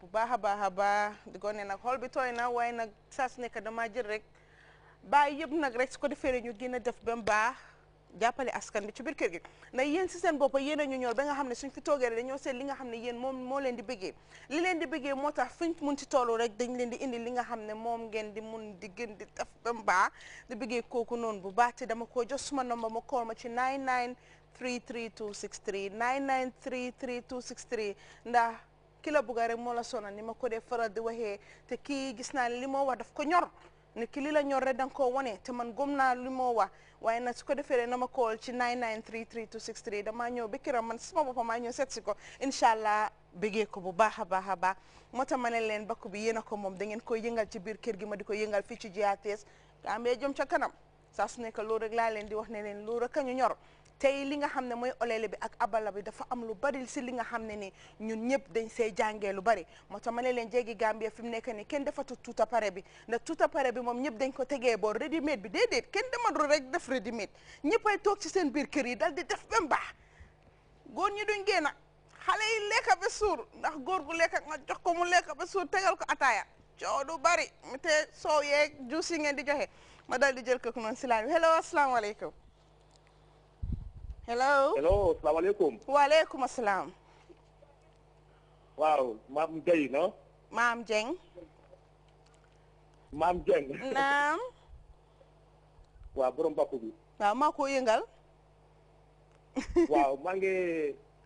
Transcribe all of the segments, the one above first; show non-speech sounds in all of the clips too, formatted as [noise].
bu baax a baax a baax di ko nag xool bi tooy na waay nag saa su nekk damaa jël rek bàyyi yëpp nag rek su ko defee ñu gën a def ba mu baax jàppale askan bi ci biir kër gi na yéen si seen bopp yéen a ñu ñor ba nga xam ne suñ fi toogee da dañoo seet li nga xam ne yéen moom moo leen di bëggee li leen di bëggee moo tax fuñ mun ci toolu rek dañ leen di indi li nga xam ne moom ngeen di mun di gën di def ba mu baax di bëggee kooku noonu bu baax te dama koo jox suma nomba ma kool ma ci 9933263 9933263 ndax ki la bugga moo la sonal ni ma ko dee faral di waxee te ki gis naa li moo wax daf ko ñor ne ki li la ñor rek da nga koo wane te man gom naa li moo wax waaye nag su ko defee rek na ma call ci 9933263 damaa ñëw ba këram man sama boppam maa ñëw seet si ko incha allah bëggee ko bu baax a baax a baax moo tax ma ne leen bakku bi yéen a ko moom da ngeen koy yëngal ci biir kër gi ma di ko yëngal fii ci GRTS Gambia jëm ca kanam sa su nekk loolu rek laa leen di wax ne leen loolu ñu ñor. tey li nga xam ne mooy olele bi ak abala bi dafa am lu bari si li nga xam ne ni ñun ñëpp dañ see jàngee lu bari moo tax ma ne leen jéegi Gambia fi mu nekk ni kenn defatu tuuta pare bi ndax tuuta pare bi moom ñëpp dañ ko tege boor ready made bi déedéet kenn demadul rek def ready made ñëppay toog ci seen biir kër yi dal di def ba mbaax góor ñi duñ génn xale yi lekka ba suur ndax góor gu lekka nga jox ko mu lekka ba suur tegal ko ataaya coow du bari mi te soow yeeg juusi ngeen di joxe ma dal di jël kooku noonu si laaj bi hello asalaamaaleykum hello hello salaamaaleykum. waaleykum salaam. waaw maam Guèye no maam Dieng. maam Dieng. naam. [laughs] waaw borom bopp bi. waaw maa ko yëngal. [laughs] waaw maa ngi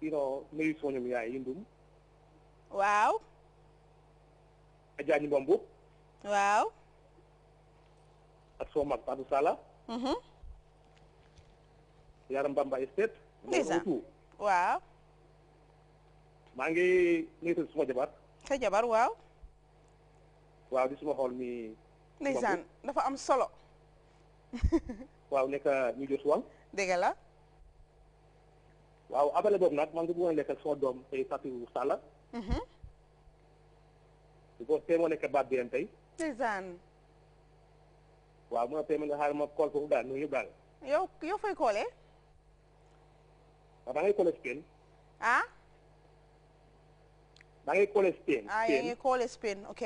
you know nuyu soñum yaay yindum. waaw. Adja Mbambu. waaw. ak soo mag Fatou Sala. Mm-hmm. yaram Bamba estate. ndeysaan waaw. maa ngi nuyu suma jabar. sa jabar waaw. waaw di suma xool mi. ndeysaan dafa am solo. [laughs] waaw nekk ñu jot wàll. dëgg la. waaw abale boobu nag maa ngi bëggoon a lekk suma doom tey Fatou Salla. Mhm. di tey moo nekk baat bi yéen tey. ndeysaan. waaw mu tey man nga xaaral ma kool foofu daal nuyu yëpp daal. yow yow fay koolee. da ah, ngay collège Spain. ah. da ngay collège Spain. ah yaa ngi collège Spain ok.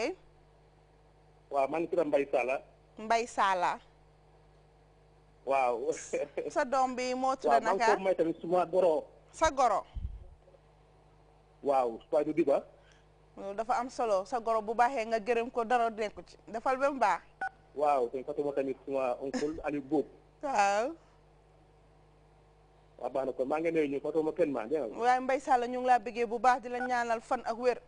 waaw man tudd Mbay Sala. Mbay Sala. waaw. [laughs] sa doom bi moo tudd naka. waaw tamit suma goro. sa goro. waaw su du diba. dafa am solo sa goro bu baaxee nga gërëm ko dara nekku ci dafal ba mu baax. waaw kon fatuma tamit suma oncle Aliou Boob. waaw. waaw baax maa ngi nuyu ñu foto ma kenn maa dégg nga. waaye Mbaye Sall ñu ngi laa bëggee bu baax di la ñaanal fan ak wér.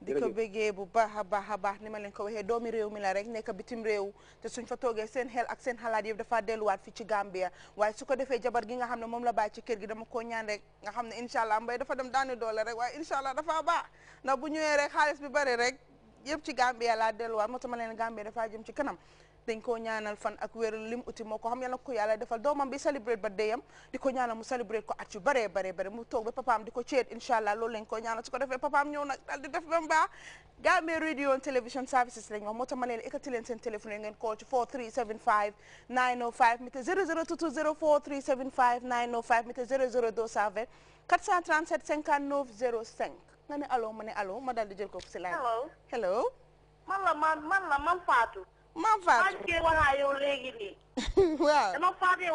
di ko bëggee bu baax a baax a baax ni ma leen ko waxee doomi réew mi la rek nekk bitim réew te suñ fa toogee seen xel ak seen xalaat yëpp dafa delluwaat fi ci Gambia waaye su defee jabar gi nga xam ne moom la baax ci kër gi dama koo ñaan rek nga xam ne incha allah mbay dafa dem daani doole rek waaye incha allah dafa baax ndax bu ñëwee rek xaalis bi bari rek yëpp ci Gambia laa delluwaat moo tax ma leen Gambia dafaa jëm ci kanam dañ koo ñaanal fan ak wér lim uti moo ko xam yal na ko yàlla defal doomam bi celebrate birthday am di ko ñaanal mu celebrate ko at yu bare bare bare mu toog ba papaam di ko ceet incha loolu lañ ko ñaanal su ko defee papaam ñëw nag daal di def ba mbaa Gambia radio and television services lañ wax moo manel ma len sen leen seen téléphone ngeen call ci 4375905 mité mite mité 4375 905 mite 00220 437 59 05 nga ne allo ma ne allo ma daal di jël ko si laaj. hello hello. man la man man la man Fatou. ma faatu. man kii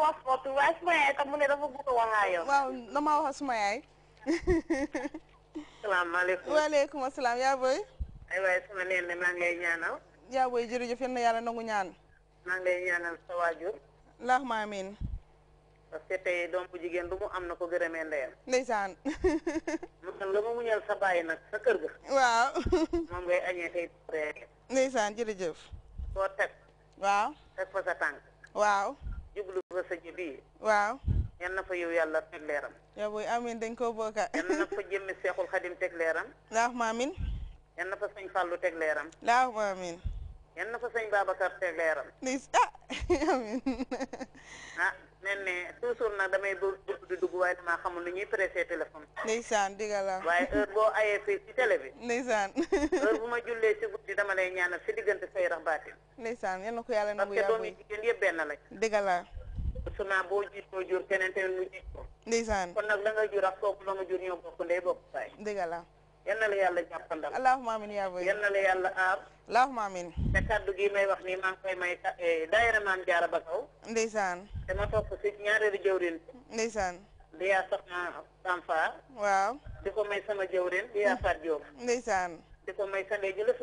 wax wax waaye suma yaay tam mu ne dafa bëgg a wax ak yow. waaw dama suma yaay. salaamaaleykum waaleykum asalaam yaa booy. aywa sama neen ne maa ngi ñaanal. yaa booy jërëjëf yal na yàlla nangu ñaan. maa ngi ñaanal sa waajur. allahumma amiin. parce que tey doom bu jigéen lu mu am na ko gërëmee ndeyam. ndeysaan. [laughs] man la muñal sa bàyyi nag sa kër ga. waaw. moom ngay añee tey. ndeysaan jërëjëf. koo teg. waaw teg fa sa tànk. waaw. jublu ba sa ji bii. waaw. yal na fa yow yàlla teg leeram. yow booy dañ ko bokka. yal na fa jëmmi seexul xadim teg leeram. laax ma amiin. yal na fa sëñ Fallou teg leeram. laax ma na fa sëñ Babacar teg leeram. ah [laughs] amiin. ah. nen ne toujours nag damay bëgg di dugg waaye damaa xamul lu ñuy pressé téléphone. ndeysaan digal la waaye heure boo ayee fii ci télé bi. ndeysaan [laughs] heure ma jullee si guddi dama lay ñaanal si diggante say rax baatin. ndeysaan yal na ko yàlla nangu yaa parce que doomi jigéen yëpp benn lañ. digal la. seulement boo jiitoo jur keneen tamit mu jiit ko. ndeysaan kon nag da nga jur ak kooku la nga jur ñoo bokk ndey bokk baay. digal yal na la yàlla jàppandal allahumma amin yaa boy yal na la yàlla aar allahumma amin te kaddu gi may wax nii maa ngi koy may eh, daayira maam jaara ba kaw ndeysaan te ma topp si ñaareelu jëwrin ndeysaan di yaa soxna Samfa waaw di ko may sama jëwrin di yaa Faat Jóob ndeysaan di ko may sa ndey ji la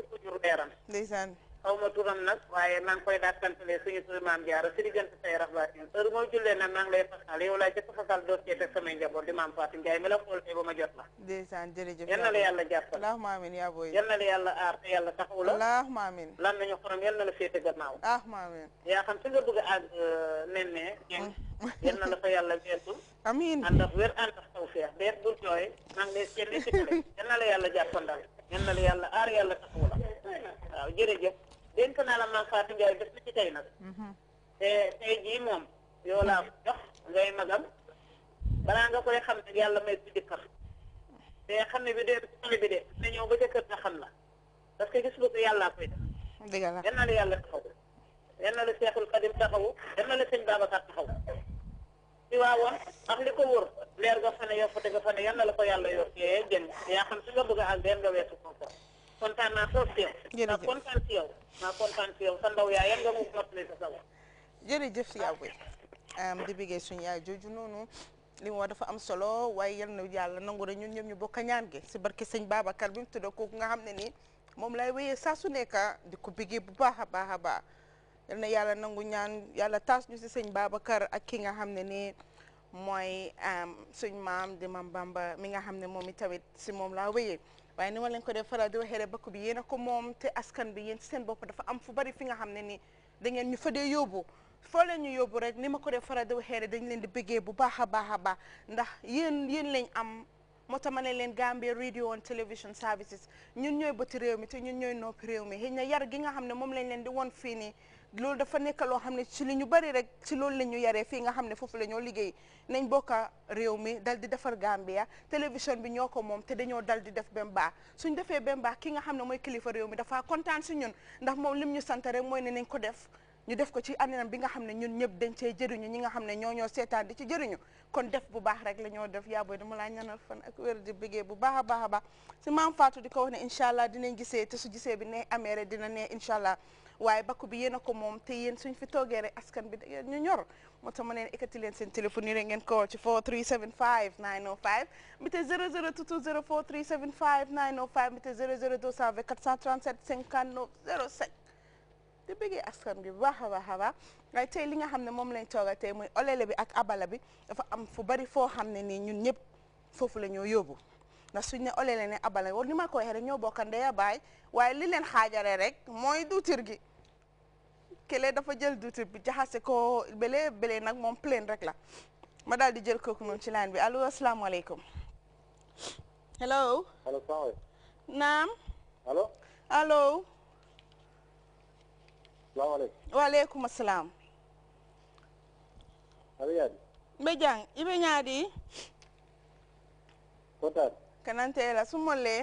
leeram ndeysaan xaw turam nag waaye Nang ngi koy dàkkantalee suñu tur maam jaara si diggante say rax baatin heure mooy jullee nag maa ngi lay fasal yow laa jëkk fasal doot cee teg samay njaboot di mam Fatou Ndiaye mi la xool tey ba ma jot la ndeysaan jere yal na la yàlla jàppal allahumma amin yaa booy yal na la yàlla aar te yàlla taxaw la allahumma amin lan nañu xorom yal la féete gannaaw allahumma amin ya xam si nga bëgg àgg euh, nen ne jeng [laughs] yal la fa yàlla weesu amin ànd ak wér ànd ak tawfeex deet bul jooy maa ngi lay seetli si [laughs] yal la la taxaw la waaw dénk naa la maam Fatou Ndiaye bés ci tey nag. Mhm. te tey jii moom yoo laa jox ngay magam balaa nga koy xam ne yàlla may ko jëkkër te xam ne bi de bi de na ñëw ba jëkkër nga xam la parce que gis nga ko yàllaa koy def. dëgg la yal na la yàlla taxaw yal na la Seexul Xadim taxawu yal na la sëñ Babacar taxaw ci waawoon ak li ko wër leer nga fa ne yow fa dëgg la ko yàlla yor yee jën yaa xam si nga bëgg a àgg yéen nga weesu foofu kontaan naa trop yow. jërëjëf naa kontaan si si di bigee suñu yaay jooju noonu li mu wax dafa am solo waaye yal na yàlla nangu rek ñun ñëpp ñu bokk ñaan gi si barke sëñ Babacar bi mu tudd kooku nga xam ne nii moom lay wéyee saa su nekk di ko bigee bu baax a baax a baax na yàlla nangu ñaan yàlla taas ñu si sëñ Babacar ak ki nga xam ne nii mooy suñ maam di maam Bamba mi nga xam ne moom i tamit si moom laa wéyee waaye ni ma leen ko def faral di waxee rek bakku bi a ko moom te askan bi yéen seen bopp dafa am fu bari fi nga xam ne ni dangeen ñu fa dee yóbbu foo leen ñu yóbbu rek ni ma ko def faral di waxee rek dañ leen di bëggee bu baax a baax a baax ndax yéen yéen lañ am moo tax ma ne leen Gambia radio and television services ñun ñooy bëti réew mi te ñun ñooy noppi réew mi xëy na yar gi nga xam ne moom lañ leen di won fii nii loolu dafa nekk loo xam ne si li ñu bari rek si loolu la ñu yaree fii nga xam ne foofu lañoo liggéey nañ bokka réew mi dal di defar Gambia télévision bi ñoo ko moom te dañoo dal di def bem baax suñ defee bem baax ki nga xam ne mooy kilifa réew mi dafa kontaan si ñun ndax moom lim ñu sant rek mooy ne nañ ko def ñu def ko ci anam bi nga xam ne ñun ñëpp dañ cee jëriñu ñi nga xam ne ñoo ñoo seetaan di ci jëriñu kon def bu baax rek la def yaa booy dama laa ñaanal fan ak wér di bëggee bu baax a baax si maam Fatou di ko wax ne incha allah dinañ gisee te su gisee bi ne amee rek dina ne incha allah waaye bakku bi yéen a ko moom te yéen suñ fi toogee rek askan bi ñu ñor moo tax ma neen ekkati leen seen téléphone yi rek ngeen call ci 437 5905 mbite 00220 437 5905 mbite 00220 437 59 07 di bëggee askan bi baax a baax a baax waaye tey li nga xam ne moom lañ tooga tey muy olele bi ak abala bi dafa am fu bari foo xam ne nii ñun ñëpp foofu la ñoo yóbbu ndax suñ ne ole leen ne abal war ni ma ko waxee ñoo bokk ndeya baay waaye li leen xaajare rek mooy duutir gi kële dafa jël duutir bi jaxase ko bële bële nag moom plain rek la ma daal di jël kooku moom ci line bi allo asalaamaaleykum hello allo naam allo allo salaamaaleykum waaleykum asalaam aɓe ñaadi mbe jang ñaadi kananteela sumolle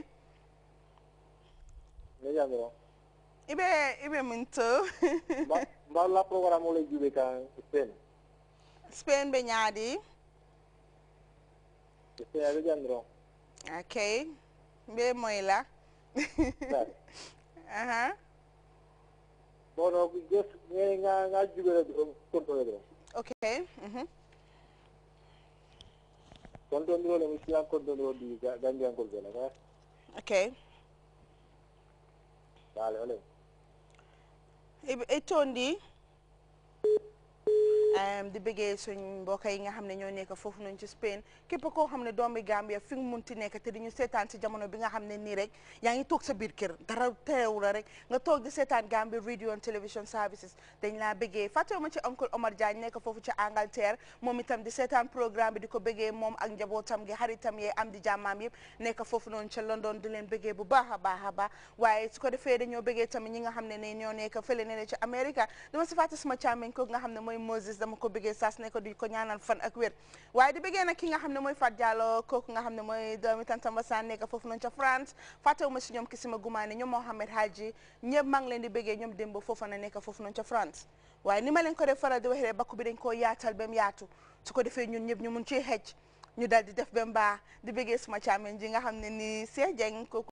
ne jambiro ibe ibe min to mbar la programme ole juɓe ka spain spain ɓe ñaadi spain aɓe jambiro ok mbe moyla aha bono jes nga nga juɓere controle ɗo ok mm -hmm. kontondiro le misilan kontondiro di gandiankol bele ka eh. ok dale ole e, e tondi Um, di bëggee suñ mbokk yi nga xam ñoo nekk foofu noonu ci Spain képp koo xam doomi Gambia fi mu munti nekk te di ñu seetaan jamono bi nga xam ne rek yaa ngi sa biir kër dara teew la rek nga toog di seetaan Gambia radio and television services dañ laa bëggee fàttewu ci oncle Omar Diagne nekk foofu ci Angleterre moom itam di seetaan programme bi di ko bëggee ak njabootam gi xaritam yee am di jàmmaam yëpp nekk foofu noonu ca London di leen bëggee bu baax a baax a su ko defee dañoo bëggee tamit ñi nga xam ne ñoo nekk fële ne ci Amérique dama si fàtte sama càmmiñ ko nga xam ne Moses dama ko bëggee saas ne di ko ñaanal fan ak wér waaye di bëggee nag ki nga xam ne mooy Fat Diallo kooku nga xam ne mooy doomi tantamba nekk foofu noonu ca France fàttewu ma si ñoom Kisima Gumaane ñoom Mohamed Hadji ñëpp maa leen di bëggee ñoom démb foofu na nekk foofu noonu ca France waaye ni ma leen ko def faral di waxee bakku bi dañ koo yaatal ba yaatu su ko defee ñun ñëpp ñu mun ciy xëcc ñu daal di def ba mbaa di bëggee suma càmmeñ ji nga xam ne nii Cheikh Dieng